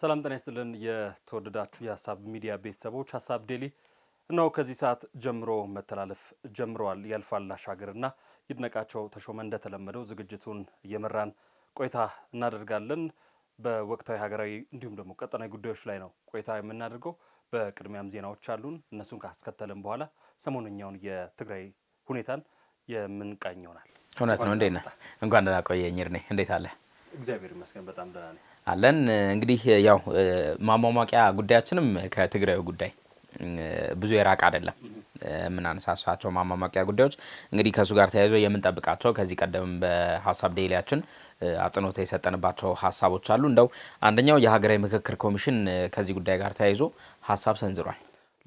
ሰላም ጤና ይስጥልን። የተወደዳችሁ የሀሳብ ሚዲያ ቤተሰቦች፣ ሀሳብ ዴሊ እነሆ ከዚህ ሰዓት ጀምሮ መተላለፍ ጀምረዋል። ያልፋል አሻገርና ይድነቃቸው ተሾመ እንደተለመደው ዝግጅቱን እየመራን ቆይታ እናደርጋለን። በወቅታዊ ሀገራዊ እንዲሁም ደግሞ ቀጠናዊ ጉዳዮች ላይ ነው ቆይታ የምናደርገው። በቅድሚያም ዜናዎች አሉን። እነሱን ካስከተልን በኋላ ሰሞነኛውን የትግራይ ሁኔታን የምንቃኝ ይሆናል። እውነት ነው። እንዴት ነህ? እንኳን ደህና ቆየህ። እንዴት አለ? እግዚአብሔር ይመስገን በጣም ደህና ነኝ። አለን እንግዲህ ያው ማሟሟቂያ ጉዳያችንም ከትግራዩ ጉዳይ ብዙ የራቅ አይደለም። የምናነሳሳቸው ማሟሟቂያ ጉዳዮች እንግዲህ ከእሱ ጋር ተያይዞ የምንጠብቃቸው ከዚህ ቀደም በሀሳብ ዴይሊያችን አጽንኦት የሰጠንባቸው ሀሳቦች አሉ። እንደው አንደኛው የሀገራዊ ምክክር ኮሚሽን ከዚህ ጉዳይ ጋር ተያይዞ ሀሳብ ሰንዝሯል።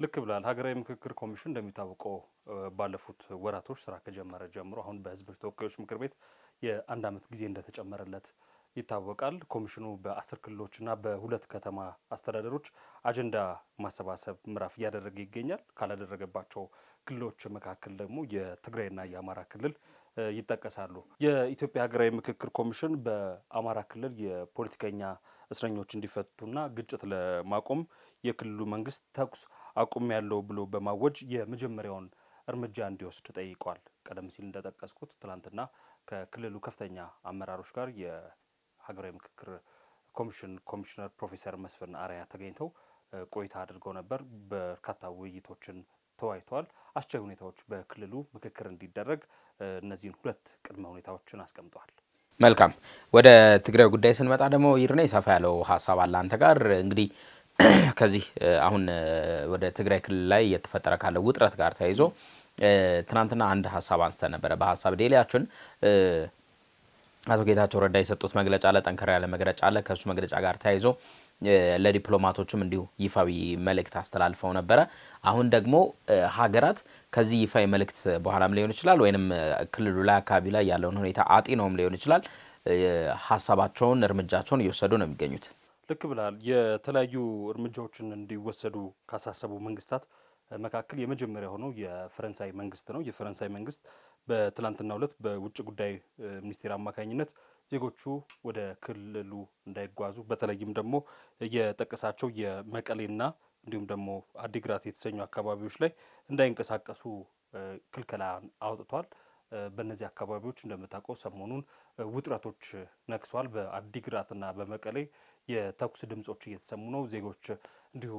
ልክ ብላል። ሀገራዊ ምክክር ኮሚሽን እንደሚታወቀው ባለፉት ወራቶች ስራ ከጀመረ ጀምሮ አሁን በህዝብ ተወካዮች ምክር ቤት የአንድ አመት ጊዜ እንደተጨመረለት ይታወቃል። ኮሚሽኑ በአስር ክልሎችና በሁለት ከተማ አስተዳደሮች አጀንዳ ማሰባሰብ ምዕራፍ እያደረገ ይገኛል። ካላደረገባቸው ክልሎች መካከል ደግሞ የትግራይና የአማራ ክልል ይጠቀሳሉ። የኢትዮጵያ ሀገራዊ ምክክር ኮሚሽን በአማራ ክልል የፖለቲከኛ እስረኞች እንዲፈቱና ግጭት ለማቆም የክልሉ መንግስት ተኩስ አቁም ያለው ብሎ በማወጅ የመጀመሪያውን እርምጃ እንዲወስድ ጠይቋል። ቀደም ሲል እንደጠቀስኩት ትናንትና ከክልሉ ከፍተኛ አመራሮች ጋር ሀገራዊ ምክክር ኮሚሽን ኮሚሽነር ፕሮፌሰር መስፍን አርአያ ተገኝተው ቆይታ አድርገው ነበር። በርካታ ውይይቶችን ተወያይተዋል። አስቻይ ሁኔታዎች በክልሉ ምክክር እንዲደረግ እነዚህን ሁለት ቅድመ ሁኔታዎችን አስቀምጠዋል። መልካም። ወደ ትግራይ ጉዳይ ስንመጣ ደግሞ ይርነ ሰፋ ያለው ሀሳብ አለ አንተ ጋር እንግዲህ ከዚህ አሁን ወደ ትግራይ ክልል ላይ እየተፈጠረ ካለው ውጥረት ጋር ተያይዞ ትናንትና አንድ ሀሳብ አንስተ ነበረ በሀሳብ ዴሊያችን አቶ ጌታቸው ረዳ የሰጡት መግለጫ አለ፣ ጠንከር ያለ መግለጫ አለ። ከእሱ መግለጫ ጋር ተያይዞ ለዲፕሎማቶችም እንዲሁ ይፋዊ መልእክት አስተላልፈው ነበረ። አሁን ደግሞ ሀገራት ከዚህ ይፋዊ መልእክት በኋላም ሊሆን ይችላል ወይንም ክልሉ ላይ አካባቢ ላይ ያለውን ሁኔታ ነውም ሊሆን ይችላል ሀሳባቸውን እርምጃቸውን እየወሰዱ ነው የሚገኙት። ልክ ብላል። የተለያዩ እርምጃዎችን እንዲወሰዱ ካሳሰቡ መንግስታት መካከል የመጀመሪያ ሆነው የፈረንሳይ መንግስት ነው። የፈረንሳይ መንግስት በትላንትናው ዕለት በውጭ ጉዳይ ሚኒስቴር አማካኝነት ዜጎቹ ወደ ክልሉ እንዳይጓዙ በተለይም ደግሞ የጠቀሳቸው የመቀሌና እንዲሁም ደግሞ አዲግራት የተሰኙ አካባቢዎች ላይ እንዳይንቀሳቀሱ ክልከላ አውጥቷል። በእነዚህ አካባቢዎች እንደምታውቀው ሰሞኑን ውጥረቶች ነግሰዋል። በአዲግራትና በመቀሌ የተኩስ ድምጾች እየተሰሙ ነው። ዜጎች እንዲሁ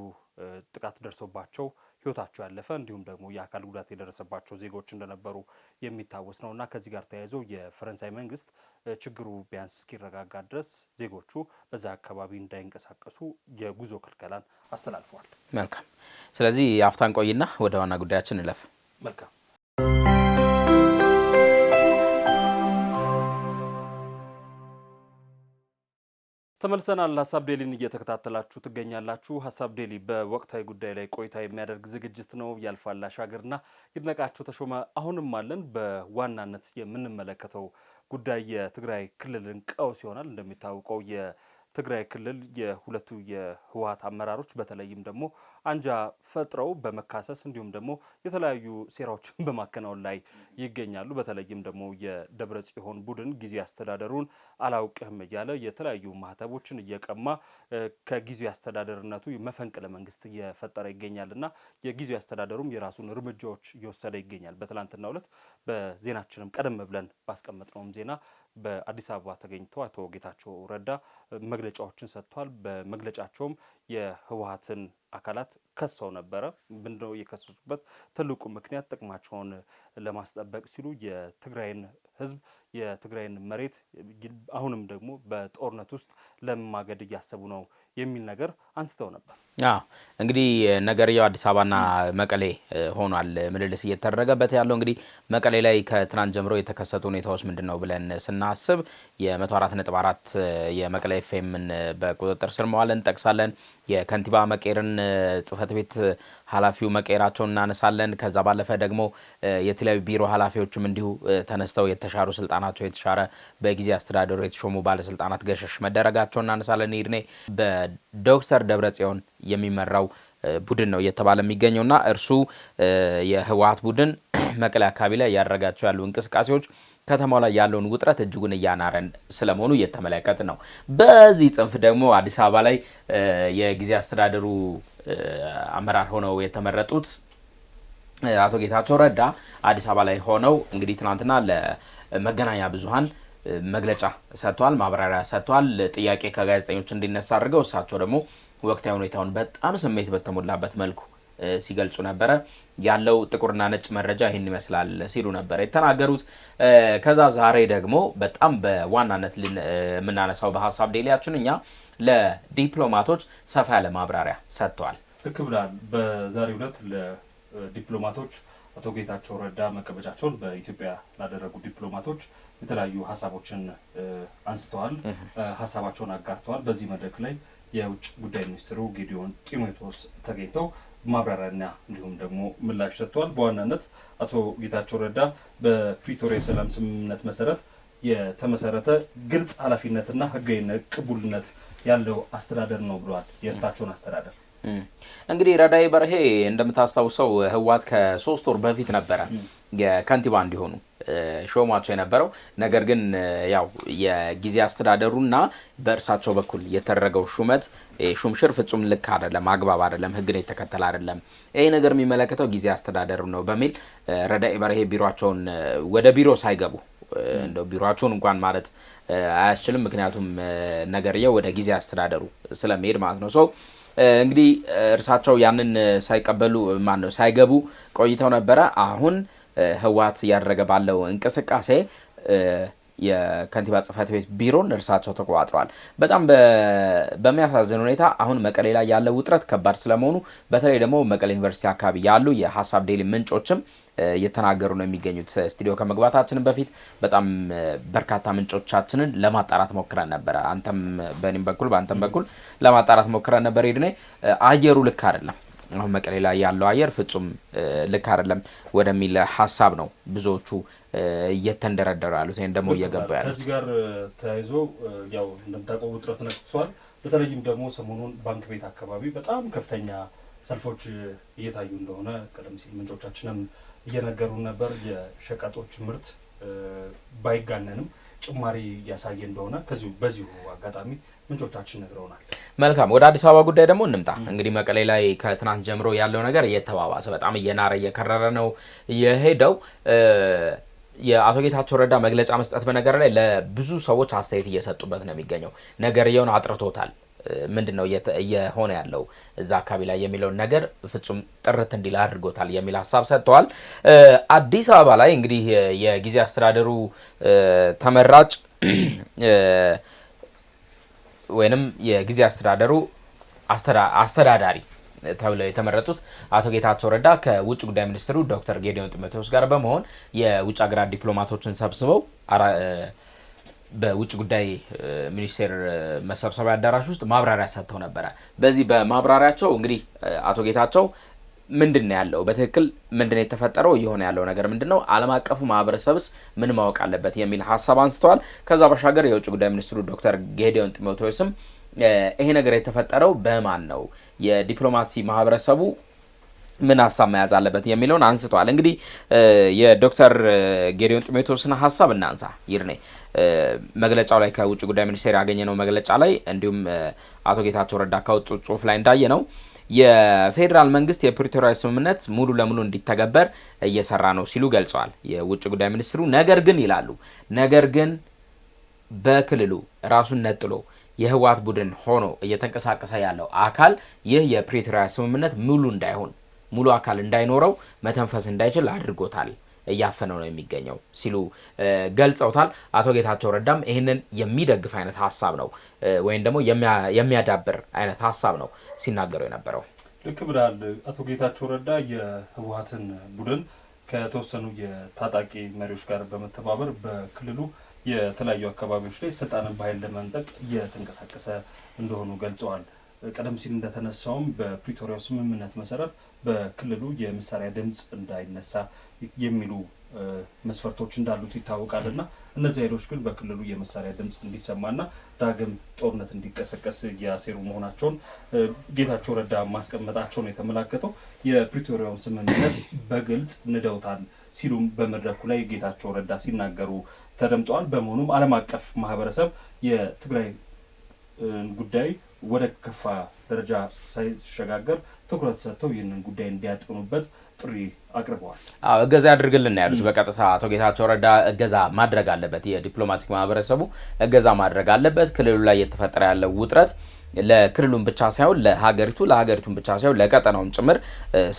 ጥቃት ደርሶባቸው ህይወታቸው ያለፈ እንዲሁም ደግሞ የአካል ጉዳት የደረሰባቸው ዜጎች እንደነበሩ የሚታወስ ነው እና ከዚህ ጋር ተያይዞ የፈረንሳይ መንግስት ችግሩ ቢያንስ እስኪረጋጋ ድረስ ዜጎቹ በዛ አካባቢ እንዳይንቀሳቀሱ የጉዞ ክልከላን አስተላልፈዋል። መልካም። ስለዚህ አፍታን ቆይና ወደ ዋና ጉዳያችን እንለፍ። መልካም ተመልሰናል። ሀሳብ ዴሊን እየተከታተላችሁ ትገኛላችሁ። ሀሳብ ዴሊ በወቅታዊ ጉዳይ ላይ ቆይታ የሚያደርግ ዝግጅት ነው። ያልፋል አሻገርና ይድነቃቸው ተሾመ አሁንም አለን። በዋናነት የምንመለከተው ጉዳይ የትግራይ ክልልን ቀውስ ይሆናል። እንደሚታወቀው ትግራይ ክልል የሁለቱ የህወሀት አመራሮች በተለይም ደግሞ አንጃ ፈጥረው በመካሰስ እንዲሁም ደግሞ የተለያዩ ሴራዎችን በማከናወን ላይ ይገኛሉ። በተለይም ደግሞ የደብረ ጽዮን ቡድን ጊዜ አስተዳደሩን አላውቅህም እያለ የተለያዩ ማህተቦችን እየቀማ ከጊዜ አስተዳደርነቱ መፈንቅለ መንግስት እየፈጠረ ይገኛል እና የጊዜ አስተዳደሩም የራሱን እርምጃዎች እየወሰደ ይገኛል። በትላንትናው ዕለት በዜናችንም ቀደም ብለን ባስቀመጥነውም ዜና በአዲስ አበባ ተገኝቶ አቶ ጌታቸው ረዳ መግለጫዎችን ሰጥቷል። በመግለጫቸውም የህወሀትን አካላት ከሰው ነበረ። ምንድነው የከሰሱበት ትልቁ ምክንያት ጥቅማቸውን ለማስጠበቅ ሲሉ የትግራይን ህዝብ የትግራይን መሬት አሁንም ደግሞ በጦርነት ውስጥ ለመማገድ እያሰቡ ነው የሚል ነገር አንስተው ነበር። እንግዲህ ነገርየው አዲስ አበባና መቀሌ ሆኗል ምልልስ እየተደረገበት ያለው። እንግዲህ መቀሌ ላይ ከትናንት ጀምሮ የተከሰቱ ሁኔታዎች ምንድን ነው ብለን ስናስብ የ104.4 የመቀሌ ኤፍኤምን በቁጥጥር ስር መዋልን እንጠቅሳለን። የከንቲባ መቀየርን ጽህፈት ቤት ኃላፊው መቀየራቸውን እናነሳለን። ከዛ ባለፈ ደግሞ የተለያዩ ቢሮ ኃላፊዎችም እንዲሁ ተነስተው የተሻሩ ስልጣናቸው የተሻረ በጊዜ አስተዳደሩ የተሾሙ ባለስልጣናት ገሸሽ መደረጋቸው እናነሳለን። ይድኔ በዶክተር ደብረጽዮን የሚመራው ቡድን ነው እየተባለ የሚገኘውና እርሱ የህወሀት ቡድን መቀሌ አካባቢ ላይ እያደረጋቸው ያሉ እንቅስቃሴዎች ከተማው ላይ ያለውን ውጥረት እጅጉን እያናረን ስለመሆኑ እየተመለከት ነው። በዚህ ጽንፍ ደግሞ አዲስ አበባ ላይ የጊዜ አስተዳደሩ አመራር ሆነው የተመረጡት አቶ ጌታቸው ረዳ አዲስ አበባ ላይ ሆነው እንግዲህ ትናንትና ለመገናኛ ብዙሀን መግለጫ ሰጥቷል፣ ማብራሪያ ሰጥቷል። ጥያቄ ከጋዜጠኞች እንዲነሳ አድርገው እሳቸው ደግሞ ወቅታዊ ሁኔታውን በጣም ስሜት በተሞላበት መልኩ ሲገልጹ ነበረ። ያለው ጥቁርና ነጭ መረጃ ይህን ይመስላል ሲሉ ነበረ የተናገሩት። ከዛ ዛሬ ደግሞ በጣም በዋናነት የምናነሳው በሀሳብ ዴሊያችን እኛ ለዲፕሎማቶች ሰፋ ያለ ማብራሪያ ሰጥተዋል። ልክ ብላል። በዛሬው ዕለት ለዲፕሎማቶች አቶ ጌታቸው ረዳ መቀመጫቸውን በኢትዮጵያ ላደረጉ ዲፕሎማቶች የተለያዩ ሀሳቦችን አንስተዋል፣ ሀሳባቸውን አጋርተዋል። በዚህ መድረክ ላይ የውጭ ጉዳይ ሚኒስትሩ ጌዲዮን ጢሞቴዎስ ተገኝተው ማብራሪያና እንዲሁም ደግሞ ምላሽ ሰጥተዋል። በዋናነት አቶ ጌታቸው ረዳ በፕሪቶሪያ የሰላም ስምምነት መሰረት የተመሰረተ ግልጽ ኃላፊነትና ህጋዊነት ቅቡልነት ያለው አስተዳደር ነው ብለዋል። የእርሳቸውን አስተዳደር እንግዲህ ረዳይ በርሄ እንደምታስታውሰው ህወሓት ከሶስት ወር በፊት ነበረ የከንቲባ እንዲሆኑ ሾሟቸው የነበረው ነገር ግን ያው የጊዜ አስተዳደሩና በእርሳቸው በኩል የተደረገው ሹመት ሹምሽር ፍጹም ልክ አይደለም፣ አግባብ አይደለም፣ ሕግን የተከተለ አይደለም፣ ይህ ነገር የሚመለከተው ጊዜ አስተዳደሩ ነው በሚል ረዳኤ በርሄ ቢሮቸውን ወደ ቢሮ ሳይገቡ እንደው ቢሮቸውን እንኳን ማለት አያስችልም፣ ምክንያቱም ነገርየው ወደ ጊዜ አስተዳደሩ ስለሚሄድ ማለት ነው ሰው እንግዲህ እርሳቸው ያንን ሳይቀበሉ ማን ነው ሳይገቡ ቆይተው ነበረ አሁን ህወሓት እያደረገ ባለው እንቅስቃሴ የከንቲባ ጽህፈት ቤት ቢሮን እርሳቸው ተቆጣጥረዋል። በጣም በሚያሳዝን ሁኔታ አሁን መቀሌ ላይ ያለው ውጥረት ከባድ ስለመሆኑ በተለይ ደግሞ መቀሌ ዩኒቨርሲቲ አካባቢ ያሉ የሀሳብ ዴይሊ ምንጮችም እየተናገሩ ነው የሚገኙት። ስቱዲዮ ከመግባታችን በፊት በጣም በርካታ ምንጮቻችንን ለማጣራት ሞክረን ነበረ። አንተም በእኔም በኩል በአንተም በኩል ለማጣራት ሞክረን ነበር። ሄድኔ አየሩ ልክ አይደለም። አሁን መቀሌ ላይ ያለው አየር ፍጹም ልክ አይደለም ወደሚል ሀሳብ ነው ብዙዎቹ እየተንደረደሩ ያሉት ወይም ደግሞ እየገባ ያሉት። ከዚህ ጋር ተያይዞ ያው እንደምታውቀው ውጥረት ነቅሷል። በተለይም ደግሞ ሰሞኑን ባንክ ቤት አካባቢ በጣም ከፍተኛ ሰልፎች እየታዩ እንደሆነ ቀደም ሲል ምንጮቻችንም እየነገሩ ነበር። የሸቀጦች ምርት ባይጋነንም ጭማሪ እያሳየ እንደሆነ ከዚሁ በዚሁ አጋጣሚ ምንጮቻችን ነግረውናል። መልካም ወደ አዲስ አበባ ጉዳይ ደግሞ እንምጣ። እንግዲህ መቀሌ ላይ ከትናንት ጀምሮ ያለው ነገር እየተባባሰ በጣም እየናረ እየከረረ ነው የሄደው። የአቶ ጌታቸው ረዳ መግለጫ መስጠት በነገር ላይ ለብዙ ሰዎች አስተያየት እየሰጡበት ነው የሚገኘው። ነገርየውን አጥርቶታል። ምንድን ነው እየሆነ ያለው እዛ አካባቢ ላይ የሚለውን ነገር ፍጹም ጥርት እንዲል አድርጎታል የሚል ሀሳብ ሰጥተዋል። አዲስ አበባ ላይ እንግዲህ የጊዜ አስተዳደሩ ተመራጭ ወይንም የጊዜ አስተዳደሩ አስተዳዳሪ ተብለው የተመረጡት አቶ ጌታቸው ረዳ ከውጭ ጉዳይ ሚኒስትሩ ዶክተር ጌዲዮን ጢሞቴዎስ ጋር በመሆን የውጭ ሀገራት ዲፕሎማቶችን ሰብስበው በውጭ ጉዳይ ሚኒስቴር መሰብሰቢያ አዳራሽ ውስጥ ማብራሪያ ሰጥተው ነበረ። በዚህ በማብራሪያቸው እንግዲህ አቶ ጌታቸው ምንድን ነው ያለው? በትክክል ምንድን ነው የተፈጠረው? እየሆነ ያለው ነገር ምንድን ነው? ዓለም አቀፉ ማህበረሰብስ ምን ማወቅ አለበት የሚል ሀሳብ አንስተዋል። ከዛ ባሻገር የውጭ ጉዳይ ሚኒስትሩ ዶክተር ጌዲዮን ጢሞቴዎስም ይሄ ነገር የተፈጠረው በማን ነው? የዲፕሎማሲ ማህበረሰቡ ምን ሀሳብ መያዝ አለበት የሚለውን አንስተዋል። እንግዲህ የዶክተር ጌዲዮን ጢሞቴዎስን ሀሳብ እናንሳ። ይርኔ መግለጫው ላይ ከውጭ ጉዳይ ሚኒስቴር ያገኘነው መግለጫ ላይ እንዲሁም አቶ ጌታቸው ረዳ ካወጡት ጽሁፍ ላይ እንዳየ ነው የፌዴራል መንግስት የፕሪቶሪያ ስምምነት ሙሉ ለሙሉ እንዲተገበር እየሰራ ነው ሲሉ ገልጸዋል። የውጭ ጉዳይ ሚኒስትሩ ነገር ግን ይላሉ ነገር ግን በክልሉ ራሱን ነጥሎ የህወሓት ቡድን ሆኖ እየተንቀሳቀሰ ያለው አካል ይህ የፕሪቶሪያ ስምምነት ሙሉ እንዳይሆን ሙሉ አካል እንዳይኖረው መተንፈስ እንዳይችል አድርጎታል እያፈነው ነው የሚገኘው ሲሉ ገልጸውታል። አቶ ጌታቸው ረዳም ይህንን የሚደግፍ አይነት ሀሳብ ነው ወይም ደግሞ የሚያዳብር አይነት ሀሳብ ነው ሲናገሩ የነበረው። ልክ ብላል አቶ ጌታቸው ረዳ የህወሀትን ቡድን ከተወሰኑ የታጣቂ መሪዎች ጋር በመተባበር በክልሉ የተለያዩ አካባቢዎች ላይ ስልጣንን በኃይል ለመንጠቅ እየተንቀሳቀሰ እንደሆኑ ገልጸዋል። ቀደም ሲል እንደተነሳውም በፕሪቶሪያው ስምምነት መሰረት በክልሉ የመሳሪያ ድምፅ እንዳይነሳ የሚሉ መስፈርቶች እንዳሉት ይታወቃል እና እነዚህ ኃይሎች ግን በክልሉ የመሳሪያ ድምፅ እንዲሰማና ዳግም ጦርነት እንዲቀሰቀስ እያሴሩ መሆናቸውን ጌታቸው ረዳ ማስቀመጣቸውን የተመላከተው የፕሪቶሪያውን ስምምነት በግልጽ ንደውታል ሲሉም በመድረኩ ላይ ጌታቸው ረዳ ሲናገሩ ተደምጠዋል። በመሆኑም ዓለም አቀፍ ማህበረሰብ የትግራይ ጉዳይ ወደ ከፋ ደረጃ ሳይሸጋገር ትኩረት ሰጥተው ይህንን ጉዳይ እንዲያጥኑበት ጥሪ አቅርበዋል። እገዛ ያድርግልን ያሉት በቀጥታ አቶ ጌታቸው ረዳ እገዛ ማድረግ አለበት፣ የዲፕሎማቲክ ማህበረሰቡ እገዛ ማድረግ አለበት። ክልሉ ላይ እየተፈጠረ ያለው ውጥረት ለክልሉም ብቻ ሳይሆን ለሀገሪቱ ለሀገሪቱም ብቻ ሳይሆን ለቀጠናውም ጭምር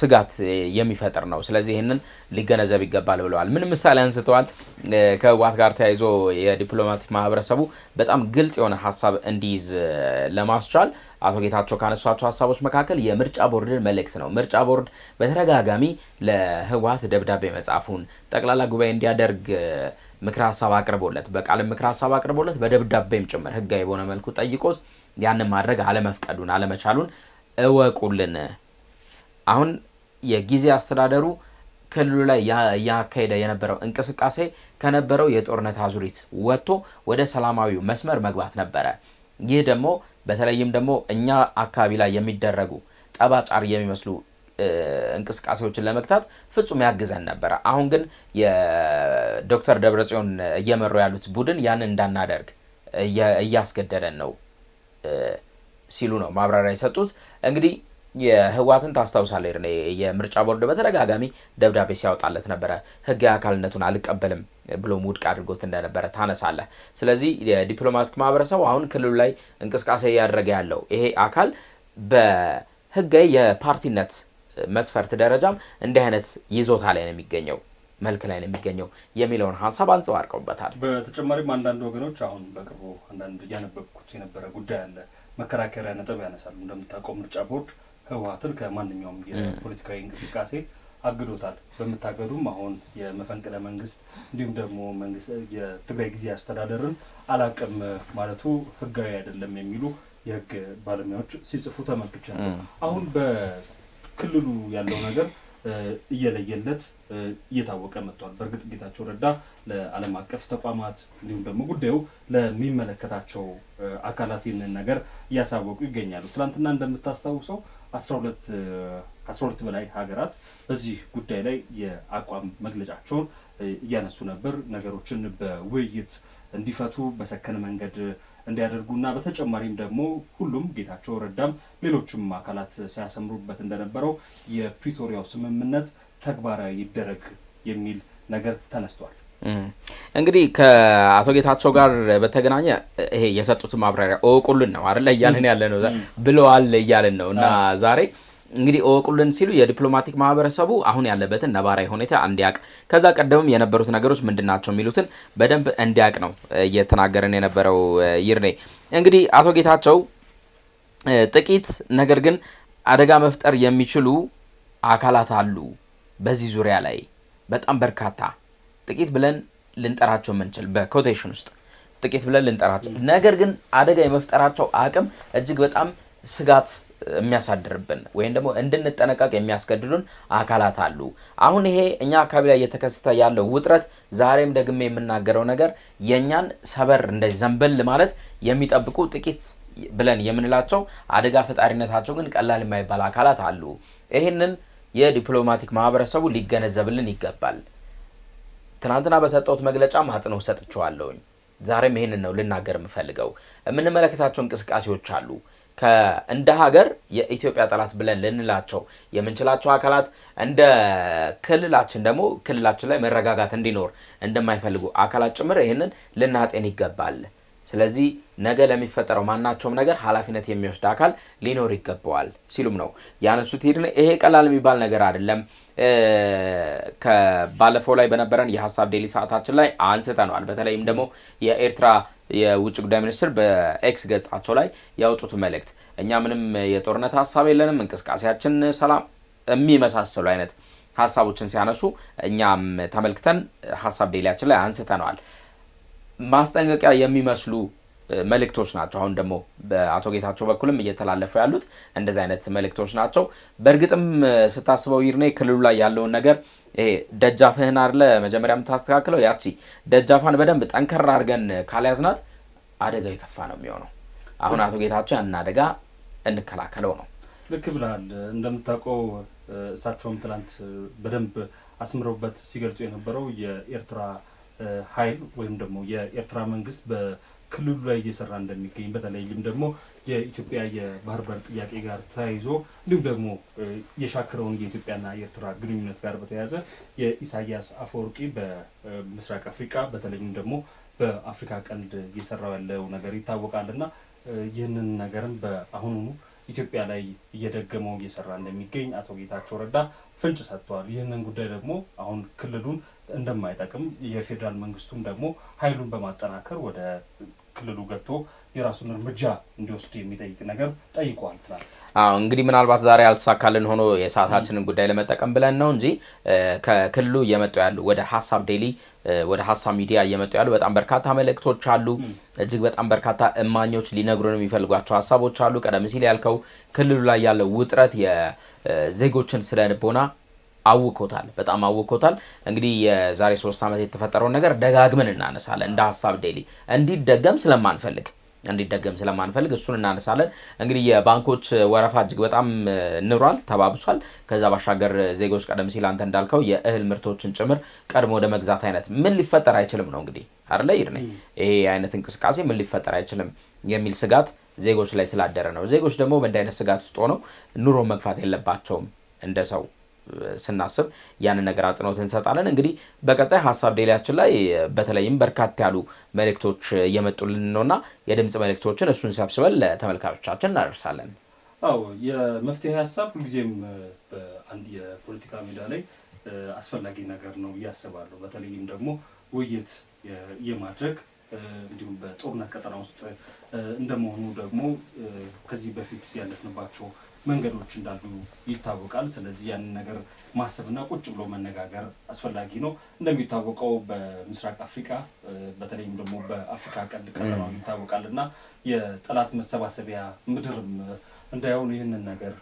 ስጋት የሚፈጥር ነው። ስለዚህ ይህንን ሊገነዘብ ይገባል ብለዋል። ምን ምሳሌ አንስተዋል? ከህወሓት ጋር ተያይዞ የዲፕሎማቲክ ማህበረሰቡ በጣም ግልጽ የሆነ ሀሳብ እንዲይዝ ለማስቻል አቶ ጌታቸው ካነሷቸው ሀሳቦች መካከል የምርጫ ቦርድን መልእክት ነው። ምርጫ ቦርድ በተደጋጋሚ ለህወሓት ደብዳቤ መጻፉን ጠቅላላ ጉባኤ እንዲያደርግ ምክረ ሀሳብ አቅርቦለት በቃልም ምክረ ሀሳብ አቅርቦለት በደብዳቤም ጭምር ህጋዊ በሆነ መልኩ ጠይቆት ያንን ማድረግ አለመፍቀዱን አለመቻሉን እወቁልን። አሁን የጊዜ አስተዳደሩ ክልሉ ላይ እያካሄደ የነበረው እንቅስቃሴ ከነበረው የጦርነት አዙሪት ወጥቶ ወደ ሰላማዊው መስመር መግባት ነበረ። ይህ ደግሞ በተለይም ደግሞ እኛ አካባቢ ላይ የሚደረጉ ጠባጫሪ የሚመስሉ እንቅስቃሴዎችን ለመግታት ፍጹም ያግዘን ነበረ። አሁን ግን የዶክተር ደብረጽዮን እየመሩ ያሉት ቡድን ያንን እንዳናደርግ እያስገደደን ነው። ሲሉ ነው ማብራሪያ የሰጡት። እንግዲህ የህወሓትን ታስታውሳለህ፣ የምርጫ ቦርድ በተደጋጋሚ ደብዳቤ ሲያወጣለት ነበረ። ህጋዊ አካልነቱን አልቀበልም ብሎም ውድቅ አድርጎት እንደነበረ ታነሳለህ። ስለዚህ የዲፕሎማቲክ ማህበረሰቡ አሁን ክልሉ ላይ እንቅስቃሴ እያደረገ ያለው ይሄ አካል በህጋዊ የፓርቲነት መስፈርት ደረጃም እንዲህ አይነት ይዞታ ላይ ነው የሚገኘው። መልክ ላይ ነው የሚገኘው የሚለውን ሀሳብ አንጸባርቀውበታል። በተጨማሪም አንዳንድ ወገኖች አሁን በቅርቡ አንዳንድ እያነበብኩት የነበረ ጉዳይ አለ። መከራከሪያ ነጥብ ያነሳሉ። እንደምታውቀው ምርጫ ቦርድ ህወሀትን ከማንኛውም የፖለቲካዊ እንቅስቃሴ አግዶታል። በምታገዱም አሁን የመፈንቅለ መንግስት እንዲሁም ደግሞ መንግስት የትግራይ ጊዜ አስተዳደርን አላቅም ማለቱ ህጋዊ አይደለም የሚሉ የህግ ባለሙያዎች ሲጽፉ ተመልክቻለሁ። አሁን በክልሉ ያለው ነገር እየለየለት እየታወቀ መጥቷል። በእርግጥ ጌታቸው ረዳ ለዓለም አቀፍ ተቋማት እንዲሁም ደግሞ ጉዳዩ ለሚመለከታቸው አካላት ይህንን ነገር እያሳወቁ ይገኛሉ። ትናንትና እንደምታስታውሰው አስራ ሁለት ከአስራ ሁለት በላይ ሀገራት በዚህ ጉዳይ ላይ የአቋም መግለጫቸውን እያነሱ ነበር። ነገሮችን በውይይት እንዲፈቱ በሰከነ መንገድ እንዲያደርጉና በተጨማሪም ደግሞ ሁሉም ጌታቸው ረዳም ሌሎችም አካላት ሲያሰምሩበት እንደነበረው የፕሪቶሪያው ስምምነት ተግባራዊ ይደረግ የሚል ነገር ተነስቷል። እንግዲህ ከአቶ ጌታቸው ጋር በተገናኘ ይሄ የሰጡት ማብራሪያ እውቁልን ነው አይደለ? እያልን ያለ ነው ብለዋል እያልን ነው እና ዛሬ እንግዲህ እወቁልን ሲሉ የዲፕሎማቲክ ማህበረሰቡ አሁን ያለበትን ነባራዊ ሁኔታ እንዲያቅ ከዛ ቀደምም የነበሩት ነገሮች ምንድን ናቸው የሚሉትን በደንብ እንዲያቅ ነው እየተናገርን የነበረው ይርኔ። እንግዲህ አቶ ጌታቸው ጥቂት ነገር ግን አደጋ መፍጠር የሚችሉ አካላት አሉ። በዚህ ዙሪያ ላይ በጣም በርካታ ጥቂት ብለን ልንጠራቸው የምንችል በኮቴሽን ውስጥ ጥቂት ብለን ልንጠራቸው ነገር ግን አደጋ የመፍጠራቸው አቅም እጅግ በጣም ስጋት የሚያሳድርብን ወይም ደግሞ እንድንጠነቀቅ የሚያስገድዱን አካላት አሉ። አሁን ይሄ እኛ አካባቢ ላይ እየተከሰተ ያለው ውጥረት ዛሬም ደግሜ የምናገረው ነገር የእኛን ሰበር እንደ ዘንበል ማለት የሚጠብቁ ጥቂት ብለን የምንላቸው አደጋ ፈጣሪነታቸው ግን ቀላል የማይባል አካላት አሉ። ይህንን የዲፕሎማቲክ ማህበረሰቡ ሊገነዘብልን ይገባል። ትናንትና በሰጠሁት መግለጫም ማጽነው ሰጥቼዋለሁኝ። ዛሬም ይህንን ነው ልናገር የምፈልገው። የምንመለከታቸው እንቅስቃሴዎች አሉ። እንደ ሀገር የኢትዮጵያ ጠላት ብለን ልንላቸው የምንችላቸው አካላት እንደ ክልላችን ደግሞ ክልላችን ላይ መረጋጋት እንዲኖር እንደማይፈልጉ አካላት ጭምር ይህንን ልናጤን ይገባል። ስለዚህ ነገ ለሚፈጠረው ማናቸውም ነገር ኃላፊነት የሚወስድ አካል ሊኖር ይገባዋል ሲሉም ነው ያነሱት። ይሄ ቀላል የሚባል ነገር አይደለም። ከባለፈው ላይ በነበረን የሀሳብ ዴሊ ሰዓታችን ላይ አንስተነዋል። በተለይም ደግሞ የኤርትራ የውጭ ጉዳይ ሚኒስትር በኤክስ ገጻቸው ላይ ያወጡት መልእክት እኛ ምንም የጦርነት ሀሳብ የለንም፣ እንቅስቃሴያችን ሰላም የሚመሳሰሉ አይነት ሀሳቦችን ሲያነሱ እኛም ተመልክተን ሀሳብ ዴሊያችን ላይ አንስተነዋል። ማስጠንቀቂያ የሚመስሉ መልእክቶች ናቸው። አሁን ደግሞ በአቶ ጌታቸው በኩልም እየተላለፉ ያሉት እንደዚህ አይነት መልእክቶች ናቸው። በእርግጥም ስታስበው ይርኔ ክልሉ ላይ ያለውን ነገር ይሄ ደጃፍህን አለ መጀመሪያ የምታስተካክለው ያቺ ደጃፋን በደንብ ጠንከር አድርገን ካልያዝናት አደጋው የከፋ ነው የሚሆነው። አሁን አቶ ጌታቸው ያንን አደጋ እንከላከለው ነው። ልክ ብለሃል። እንደምታውቀው እሳቸውም ትላንት በደንብ አስምረውበት ሲገልጹ የነበረው የኤርትራ ኃይል ወይም ደግሞ የኤርትራ መንግስት ክልሉ ላይ እየሰራ እንደሚገኝ በተለይም ደግሞ የኢትዮጵያ የባህር በር ጥያቄ ጋር ተያይዞ እንዲሁም ደግሞ የሻክረውን የኢትዮጵያና የኤርትራ ግንኙነት ጋር በተያያዘ የኢሳያስ አፈወርቂ በምስራቅ አፍሪካ በተለይም ደግሞ በአፍሪካ ቀንድ እየሰራው ያለው ነገር ይታወቃል እና ይህንን ነገርም በአሁኑኑ ኢትዮጵያ ላይ እየደገመው እየሰራ እንደሚገኝ አቶ ጌታቸው ረዳ ፍንጭ ሰጥተዋል። ይህንን ጉዳይ ደግሞ አሁን ክልሉን እንደማይጠቅም የፌዴራል መንግስቱም ደግሞ ኃይሉን በማጠናከር ወደ ክልሉ ገብቶ የራሱን እርምጃ እንዲወስድ የሚጠይቅ ነገር ጠይቋል ትላል። አዎ እንግዲህ ምናልባት ዛሬ አልተሳካልን ሆኖ የሰዓታችንን ጉዳይ ለመጠቀም ብለን ነው እንጂ ከክልሉ እየመጡ ያሉ ወደ ሀሳብ ዴሊ ወደ ሀሳብ ሚዲያ እየመጡ ያሉ በጣም በርካታ መልእክቶች አሉ። እጅግ በጣም በርካታ እማኞች ሊነግሩን የሚፈልጓቸው ሀሳቦች አሉ። ቀደም ሲል ያልከው ክልሉ ላይ ያለው ውጥረት የዜጎችን ስነ ልቦና አውኮታል፣ በጣም አውኮታል። እንግዲህ የዛሬ ሶስት ዓመት የተፈጠረውን ነገር ደጋግመን እናነሳለን እንደ ሀሳብ ዴሊ እንዲደገም ስለማንፈልግ እንዲደገም ስለማንፈልግ እሱን እናነሳለን። እንግዲህ የባንኮች ወረፋ እጅግ በጣም ንሯል፣ ተባብሷል። ከዛ ባሻገር ዜጎች ቀደም ሲል አንተ እንዳልከው የእህል ምርቶችን ጭምር ቀድሞ ወደ መግዛት አይነት ምን ሊፈጠር አይችልም ነው እንግዲህ አይደለ ይድነ ይሄ አይነት እንቅስቃሴ ምን ሊፈጠር አይችልም የሚል ስጋት ዜጎች ላይ ስላደረ ነው። ዜጎች ደግሞ በእንዲህ አይነት ስጋት ውስጥ ሆነው ኑሮ መግፋት የለባቸውም እንደ ሰው ስናስብ ያንን ነገር አጽንኦት እንሰጣለን። እንግዲህ በቀጣይ ሀሳብ ዴሊያችን ላይ በተለይም በርካታ ያሉ መልእክቶች እየመጡልን ነውና የድምፅ መልእክቶችን እሱን ሰብስበን ለተመልካቾቻችን እናደርሳለን። አዎ የመፍትሄ ሀሳብ ሁልጊዜም በአንድ የፖለቲካ ሜዳ ላይ አስፈላጊ ነገር ነው እያስባለሁ። በተለይም ደግሞ ውይይት የማድረግ እንዲሁም በጦርነት ቀጠና ውስጥ እንደመሆኑ ደግሞ ከዚህ በፊት ያለፍንባቸው መንገዶች እንዳሉ ይታወቃል። ስለዚህ ያንን ነገር ማሰብና ቁጭ ብሎ መነጋገር አስፈላጊ ነው። እንደሚታወቀው በምስራቅ አፍሪካ በተለይም ደግሞ በአፍሪካ ቀንድ ቀጠናው ይታወቃል እና የጠላት መሰባሰቢያ ምድርም እንዳይሆን ይህንን ነገር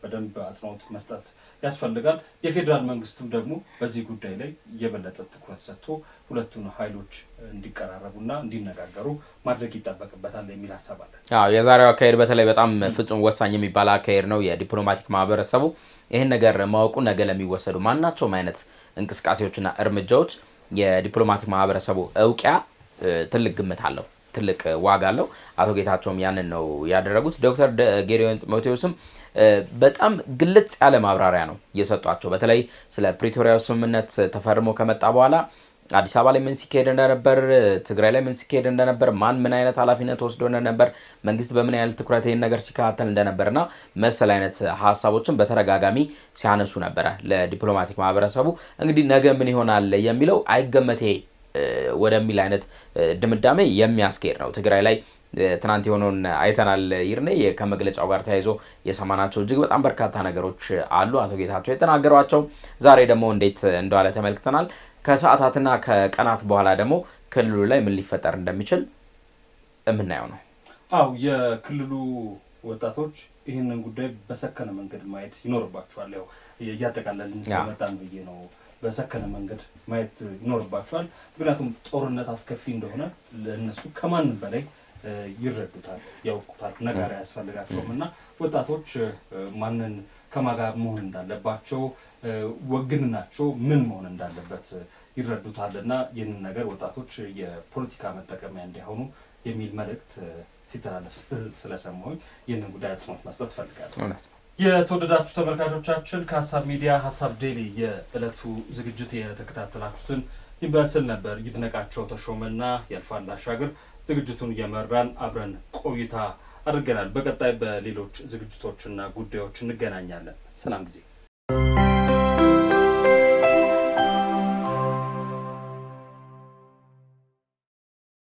በደንብ አጽንኦት መስጠት ያስፈልጋል። የፌዴራል መንግስትም ደግሞ በዚህ ጉዳይ ላይ የበለጠ ትኩረት ሰጥቶ ሁለቱን ኃይሎች እንዲቀራረቡና እንዲነጋገሩ ማድረግ ይጠበቅበታል የሚል ሀሳብ አለ። አዎ የዛሬው አካሄድ በተለይ በጣም ፍጹም ወሳኝ የሚባል አካሄድ ነው። የዲፕሎማቲክ ማህበረሰቡ ይህን ነገር ማወቁ ነገ ለሚወሰዱ ማናቸውም አይነት እንቅስቃሴዎችና እርምጃዎች የዲፕሎማቲክ ማህበረሰቡ እውቂያ ትልቅ ግምት አለው። ትልቅ ዋጋ አለው። አቶ ጌታቸውም ያንን ነው ያደረጉት። ዶክተር ጌዲዮን ጢሞቴዎስም በጣም ግልጽ ያለ ማብራሪያ ነው የሰጧቸው። በተለይ ስለ ፕሪቶሪያው ስምምነት ተፈርሞ ከመጣ በኋላ አዲስ አበባ ላይ ምን ሲካሄድ እንደነበር፣ ትግራይ ላይ ምን ሲካሄድ እንደነበር፣ ማን ምን አይነት ኃላፊነት ወስዶ እንደነበር፣ መንግስት በምን ያህል ትኩረት ይህን ነገር ሲከታተል እንደነበርና መሰል አይነት ሀሳቦችን በተደጋጋሚ ሲያነሱ ነበረ ለዲፕሎማቲክ ማህበረሰቡ። እንግዲህ ነገ ምን ይሆናል የሚለው አይገመቴ ወደሚል አይነት ድምዳሜ የሚያስኬድ ነው። ትግራይ ላይ ትናንት የሆነውን አይተናል። ይርኔ ከመግለጫው ጋር ተያይዞ የሰማናቸው እጅግ በጣም በርካታ ነገሮች አሉ፣ አቶ ጌታቸው የተናገሯቸው። ዛሬ ደግሞ እንዴት እንደዋለ ተመልክተናል። ከሰዓታትና ከቀናት በኋላ ደግሞ ክልሉ ላይ ምን ሊፈጠር እንደሚችል የምናየው ነው። አው የክልሉ ወጣቶች ይህንን ጉዳይ በሰከነ መንገድ ማየት ይኖርባቸዋል። ያው እያጠቃለልን ስለመጣን ብዬ ነው በሰከነ መንገድ ማየት ይኖርባቸዋል። ምክንያቱም ጦርነት አስከፊ እንደሆነ ለእነሱ ከማን በላይ ይረዱታል፣ ያውቁታል። ነጋሪ አያስፈልጋቸውም እና ወጣቶች ማንን ከማጋር መሆን እንዳለባቸው ወግንናቸው ምን መሆን እንዳለበት ይረዱታል እና ይህንን ነገር ወጣቶች የፖለቲካ መጠቀሚያ እንዲሆኑ የሚል መልእክት ሲተላለፍ ስለሰማሁኝ ይህንን ጉዳይ አጽንኦት መስጠት እፈልጋለሁ። የተወደዳችሁ ተመልካቾቻችን ከሀሳብ ሚዲያ ሀሳብ ዴሊ የዕለቱ ዝግጅት የተከታተላችሁትን ይመስል ነበር። ይድነቃቸው ተሾመና ያልፋል አሻግር ዝግጅቱን እየመራን አብረን ቆይታ አድርገናል። በቀጣይ በሌሎች ዝግጅቶችና ጉዳዮች እንገናኛለን። ሰላም ጊዜ